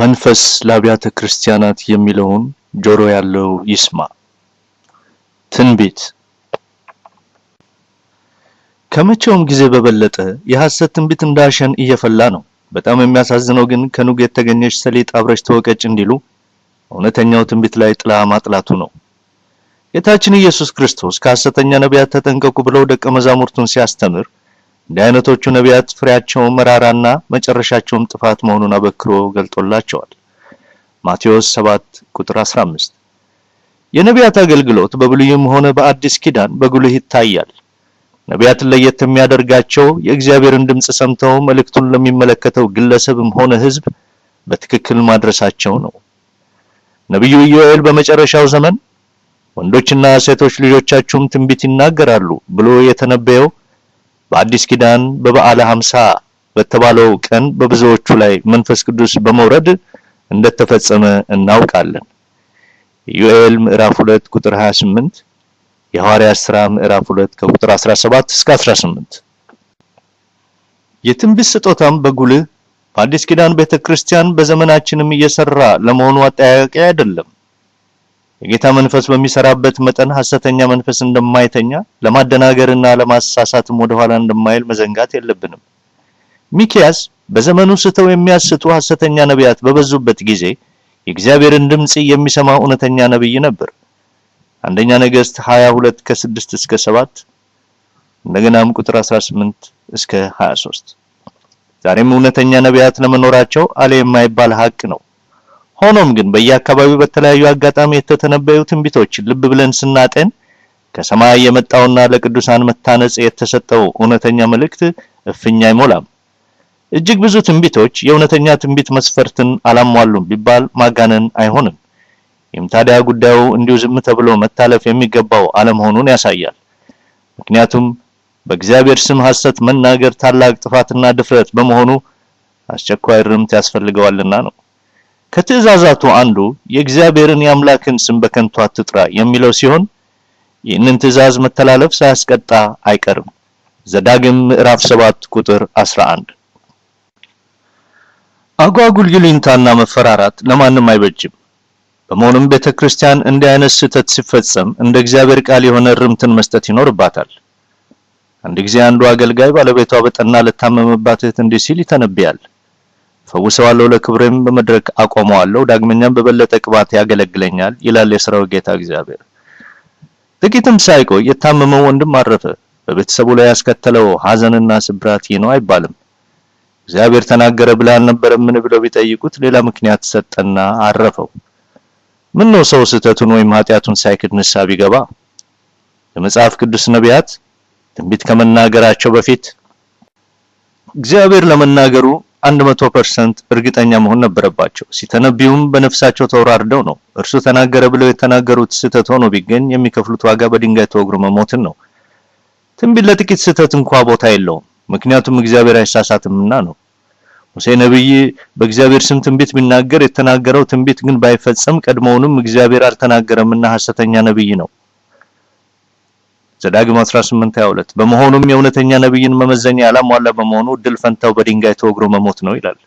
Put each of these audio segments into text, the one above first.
መንፈስ ለአብያተ ክርስቲያናት የሚለውን ጆሮ ያለው ይስማ። ትንቢት ከመቼውም ጊዜ በበለጠ የሐሰት ትንቢት እንዳሸን እየፈላ ነው። በጣም የሚያሳዝነው ግን ከኑግ የተገኘች ሰሊጥ አብረች ተወቀጭ እንዲሉ እውነተኛው ትንቢት ላይ ጥላ ማጥላቱ ነው። ጌታችን ኢየሱስ ክርስቶስ ከሐሰተኛ ነቢያት ተጠንቀቁ ብለው ደቀ መዛሙርቱን ሲያስተምር እንዲህ አይነቶቹ ነቢያት ፍሬያቸው መራራና መጨረሻቸውም ጥፋት መሆኑን አበክሮ ገልጦላቸዋል። ማቴዎስ 7 ቁጥር 15። የነቢያት አገልግሎት በብሉይም ሆነ በአዲስ ኪዳን በጉልህ ይታያል። ነቢያትን ለየት የሚያደርጋቸው የእግዚአብሔርን ድምፅ ሰምተው መልእክቱን ለሚመለከተው ግለሰብም ሆነ ሕዝብ በትክክል ማድረሳቸው ነው። ነቢዩ ኢዮኤል በመጨረሻው ዘመን ወንዶችና ሴቶች ልጆቻችሁም ትንቢት ይናገራሉ ብሎ የተነበየው በአዲስ ኪዳን በበዓለ ሀምሳ በተባለው ቀን በብዙዎቹ ላይ መንፈስ ቅዱስ በመውረድ እንደተፈጸመ እናውቃለን። ዩኤል ምዕራፍ 2 ቁጥር 28 የሐዋርያት ሥራ ምዕራፍ 2 ከቁጥር 17 እስከ 18 የትንቢት ስጦታም በጉልህ በአዲስ ኪዳን ቤተክርስቲያን በዘመናችንም እየሰራ ለመሆኑ አጠያያቂ አይደለም። የጌታ መንፈስ በሚሰራበት መጠን ሐሰተኛ መንፈስ እንደማይተኛ ለማደናገርና ለማሳሳትም ወደኋላ እንደማይል መዘንጋት የለብንም። ሚኪያስ በዘመኑ ስተው የሚያስቱ ሐሰተኛ ነቢያት በበዙበት ጊዜ የእግዚአብሔርን ድምጽ የሚሰማ እውነተኛ ነቢይ ነበር። አንደኛ ነገሥት 22 ከ6 እስከ 7 እንደገናም ቁጥር 18 እስከ 23። ዛሬም እውነተኛ ነቢያት ለመኖራቸው አለ የማይባል ሀቅ ነው። ሆኖም ግን በየአካባቢው በተለያዩ አጋጣሚ የተተነበዩ ትንቢቶች ልብ ብለን ስናጤን ከሰማይ የመጣውና ለቅዱሳን መታነጽ የተሰጠው እውነተኛ መልእክት እፍኝ አይሞላም። እጅግ ብዙ ትንቢቶች የእውነተኛ ትንቢት መስፈርትን አላሟሉም ቢባል ማጋነን አይሆንም። ይህም ታዲያ ጉዳዩ እንዲሁ ዝም ተብሎ መታለፍ የሚገባው አለመሆኑን ያሳያል። ምክንያቱም በእግዚአብሔር ስም ሐሰት መናገር ታላቅ ጥፋትና ድፍረት በመሆኑ አስቸኳይ ርምት ያስፈልገዋልና ነው። ከትእዛዛቱ አንዱ የእግዚአብሔርን የአምላክን ስም በከንቱ አትጥራ የሚለው ሲሆን ይህንን ትእዛዝ መተላለፍ ሳያስቀጣ አይቀርም። ዘዳግም ምዕራፍ 7 ቁጥር 11። አጓጉል ይሉኝታና መፈራራት ለማንም አይበጅም። በመሆኑም ቤተ ክርስቲያን እንዲህ አይነት ስህተት ሲፈጸም እንደ እግዚአብሔር ቃል የሆነ እርምትን መስጠት ይኖርባታል። አንድ ጊዜ አንዱ አገልጋይ ባለቤቷ በጠና ለታመመባት እህት እንዲህ ሲል ይተነብያል። ፈውሰዋለሁ፣ ለክብሬም በመድረክ አቆመዋለሁ፣ ዳግመኛም በበለጠ ቅባት ያገለግለኛል ይላል የሰራዊት ጌታ እግዚአብሔር። ጥቂትም ሳይቆይ የታመመው ወንድም አረፈ። በቤተሰቡ ላይ ያስከተለው ሐዘንና ስብራት ይህ ነው አይባልም። እግዚአብሔር ተናገረ ብለህ ምን ብለው ቢጠይቁት ሌላ ምክንያት ሰጠና አረፈው። ምን ነው ሰው ስህተቱን ወይም ኃጢአቱን ሳይክድ ንስሐ ቢገባ? የመጽሐፍ ቅዱስ ነቢያት ትንቢት ከመናገራቸው በፊት እግዚአብሔር ለመናገሩ 100% እርግጠኛ መሆን ነበረባቸው። ሲተነብዩም በነፍሳቸው ተወራርደው ነው። እርሱ ተናገረ ብለው የተናገሩት ስህተት ሆኖ ቢገኝ የሚከፍሉት ዋጋ በድንጋይ ተወግሮ መሞትን ነው። ትንቢት ለጥቂት ስህተት እንኳ ቦታ የለውም፣ ምክንያቱም እግዚአብሔር አይሳሳትምና ነው። ሙሴ ነቢይ በእግዚአብሔር ስም ትንቢት ቢናገር የተናገረው ትንቢት ግን ባይፈጸም ቀድሞውንም እግዚአብሔር አልተናገረምና ሐሰተኛ ነቢይ ነው። ዘዳግም 22 በመሆኑም የእውነተኛ ነብይን መመዘኛ ያላሟላ በመሆኑ ድል ፈንታው በድንጋይ ተወግሮ መሞት ነው ይላል።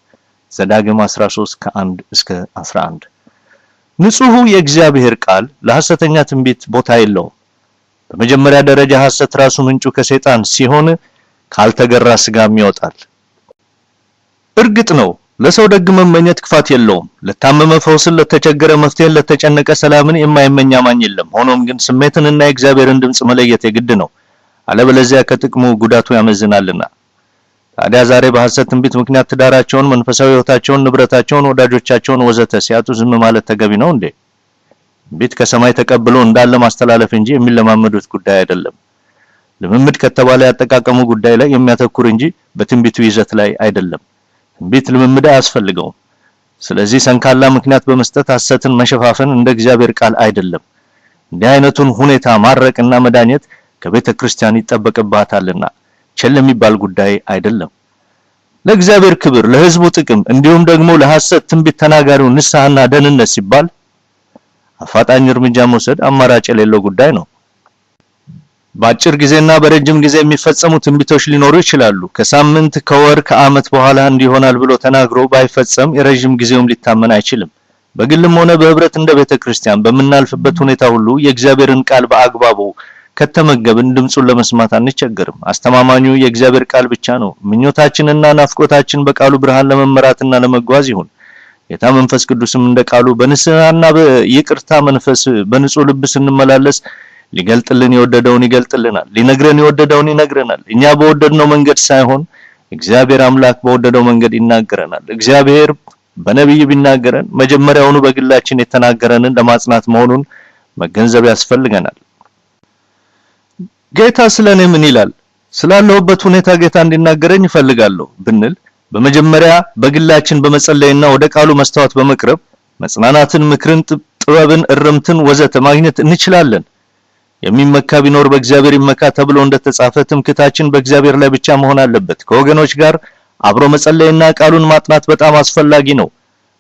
ዘዳግም 13 ከ1 እስከ 11 ንጹሑ የእግዚአብሔር ቃል ለሐሰተኛ ትንቢት ቦታ የለውም። በመጀመሪያ ደረጃ ሐሰት ራሱ ምንጩ ከሰይጣን ሲሆን ካልተገራ ስጋም ይወጣል። እርግጥ ነው ለሰው ደግ መመኘት ክፋት የለውም። ለታመመ ፈውስን፣ ለተቸገረ መፍትሄን፣ ለተጨነቀ ሰላምን የማይመኝ አማኝ የለም። ሆኖም ግን ስሜትንና እና የእግዚአብሔርን ድምፅ መለየት የግድ ነው፣ አለበለዚያ ከጥቅሙ ጉዳቱ ያመዝናልና። ታዲያ ዛሬ በሐሰት ትንቢት ምክንያት ትዳራቸውን፣ መንፈሳዊ ህይወታቸውን፣ ንብረታቸውን፣ ወዳጆቻቸውን ወዘተ ሲያጡ ዝም ማለት ተገቢ ነው እንዴ? ትንቢት ከሰማይ ተቀብሎ እንዳለ ማስተላለፍ እንጂ የሚለማመዱት ጉዳይ አይደለም። ልምምድ ከተባለ ያጠቃቀሙ ጉዳይ ላይ የሚያተኩር እንጂ በትንቢቱ ይዘት ላይ አይደለም። ቤት ልምምድ አያስፈልገውም። ስለዚህ ሰንካላ ምክንያት በመስጠት ሐሰትን መሸፋፈን እንደ እግዚአብሔር ቃል አይደለም። እንዲህ አይነቱን ሁኔታ ማረቅና መዳኘት ከቤተ ክርስቲያን ይጠበቅባታልና ቸል የሚባል ጉዳይ አይደለም። ለእግዚአብሔር ክብር፣ ለሕዝቡ ጥቅም እንዲሁም ደግሞ ለሐሰት ትንቢት ተናጋሪው ንስሐና ደህንነት ሲባል አፋጣኝ እርምጃ መውሰድ አማራጭ የሌለው ጉዳይ ነው። በአጭር ጊዜና በረጅም ጊዜ የሚፈጸሙ ትንቢቶች ሊኖሩ ይችላሉ። ከሳምንት፣ ከወር፣ ከዓመት በኋላ እንዲሆናል ይሆናል ብሎ ተናግሮ ባይፈጸም የረዥም ጊዜውም ሊታመን አይችልም። በግልም ሆነ በህብረት እንደ ቤተ ክርስቲያን በምናልፍበት ሁኔታ ሁሉ የእግዚአብሔርን ቃል በአግባቡ ከተመገብን ድምፁን ለመስማት አንቸገርም። አስተማማኙ የእግዚአብሔር ቃል ብቻ ነው። ምኞታችንና ናፍቆታችን በቃሉ ብርሃን ለመመራትና ለመጓዝ ይሁን። ጌታ መንፈስ ቅዱስም እንደ ቃሉ በንስሐና በይቅርታ መንፈስ በንጹህ ልብ ስንመላለስ ሊገልጥልን የወደደውን ይገልጥልናል፣ ሊነግረን የወደደውን ይነግረናል። እኛ በወደድነው መንገድ ሳይሆን እግዚአብሔር አምላክ በወደደው መንገድ ይናገረናል። እግዚአብሔር በነቢይ ቢናገረን መጀመሪያውኑ በግላችን የተናገረንን ለማጽናት መሆኑን መገንዘብ ያስፈልገናል። ጌታ ስለኔ ምን ይላል? ስላለሁበት ሁኔታ ጌታ እንዲናገረኝ ይፈልጋለሁ ብንል በመጀመሪያ በግላችን በመጸለይና ወደ ቃሉ መስታወት በመቅረብ መጽናናትን፣ ምክርን፣ ጥበብን፣ እርምትን ወዘተ ማግኘት እንችላለን። የሚመካ ቢኖር በእግዚአብሔር ይመካ ተብሎ እንደተጻፈ ትምክታችን በእግዚአብሔር ላይ ብቻ መሆን አለበት። ከወገኖች ጋር አብሮ መጸለይና ቃሉን ማጥናት በጣም አስፈላጊ ነው።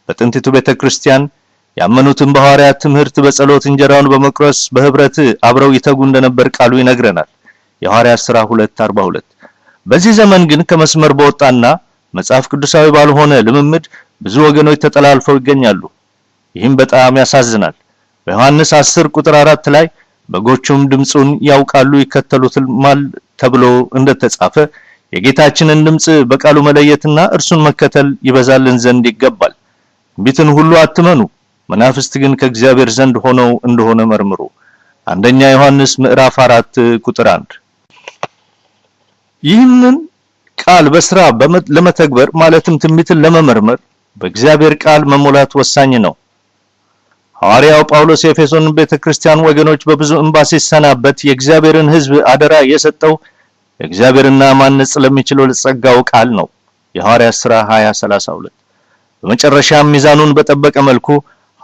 በጥንቲቱ ቤተክርስቲያን ያመኑትን በሐዋርያት ትምህርት በጸሎት እንጀራውን በመቁረስ በህብረት አብረው ይተጉ እንደነበር ቃሉ ይነግረናል። የሐዋርያት ሥራ 2:42 በዚህ ዘመን ግን ከመስመር በወጣና መጽሐፍ ቅዱሳዊ ባልሆነ ልምምድ ብዙ ወገኖች ተጠላልፈው ይገኛሉ። ይህም በጣም ያሳዝናል። በዮሐንስ 10 ቁጥር 4 ላይ በጎቹም ድምፁን ያውቃሉ ይከተሉትማል ተብሎ እንደተጻፈ የጌታችንን ድምፅ በቃሉ መለየትና እርሱን መከተል ይበዛልን ዘንድ ይገባል። ትንቢትን ሁሉ አትመኑ፣ መናፍስት ግን ከእግዚአብሔር ዘንድ ሆነው እንደሆነ መርምሩ። አንደኛ ዮሐንስ ምዕራፍ 4 ቁጥር 1። ይህንን ቃል በስራ ለመተግበር ማለትም ትንቢትን ለመመርመር በእግዚአብሔር ቃል መሞላት ወሳኝ ነው። ሐዋርያው ጳውሎስ የኤፌሶን ቤተ ክርስቲያን ወገኖች በብዙ እንባ ሲሰናበት የእግዚአብሔርን ሕዝብ አደራ የሰጠው እግዚአብሔርና ማነጽ ለሚችለው ለጸጋው ቃል ነው። የሐዋርያ ሥራ 20:32 በመጨረሻ በመጨረሻም ሚዛኑን በጠበቀ መልኩ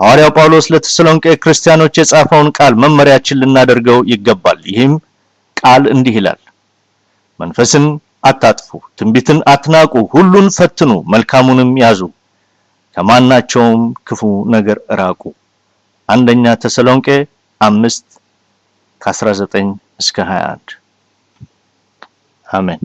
ሐዋርያው ጳውሎስ ለተሰሎንቄ ክርስቲያኖች የጻፈውን ቃል መመሪያችን ልናደርገው ይገባል። ይህም ቃል እንዲህ ይላል፣ መንፈስን አታጥፉ፣ ትንቢትን አትናቁ፣ ሁሉን ፈትኑ፣ መልካሙንም ያዙ፣ ከማናቸውም ክፉ ነገር ራቁ። አንደኛ ተሰሎንቄ 5 ከ19 እስከ 21 አሜን።